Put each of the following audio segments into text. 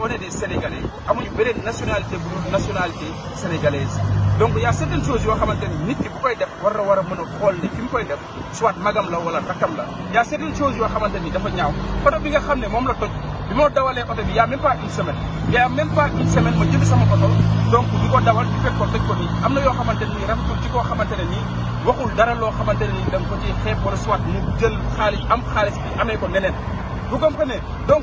on est des Sénégalais amuñu beneen nationalité bu dul nationalité sénégalaise donc il y' a certaines choses yoo xamante ni nit ki bu koy def war na war a mën a koy def soit magam la wala rakkam la il y' a certaines choses yo xamante dafa ñaaw oto bi nga xam mom la toj bi moo dawalee oto bi y' a même pas une semaine il y' a même pas une semaine mo jënd sama oto donc di ko dawal di fekk ko toj ko ni amna yo yoo xamante ci ko xamante ne waxul dara lo xamante dem ko ci xeeb wala soit mu jël xaalis am xaalis bi amé ko neneen ko comprenez donc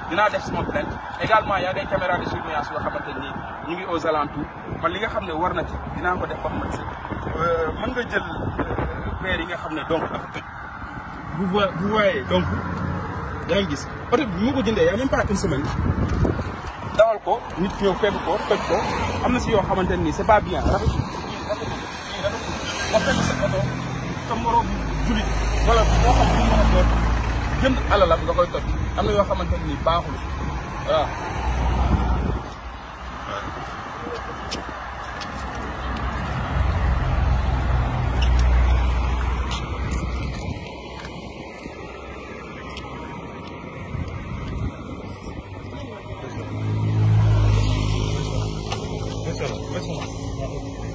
dinaa def sama plainte également y a des caméras de surveillance yoo xamante ni ñu ngi aux alentours man li nga xam ne war na ci dinaa ko def ba mu si mën nga jël verre yi nga xam ne donc dafa tëj bu bu voyez donc yaa ngi gis oto bi mu ko jëndee yaa même pas une semaine dawal ko nit ñëw fekk ko toj ko am na si yoo xamante ni c'est pas bien rafet nga fekk sa oto sa morom jullit wala boo xam ne mën a doon jënd alalam nga koy toj am na yoo xamante ni baaxul waaw. Mesela, mesela.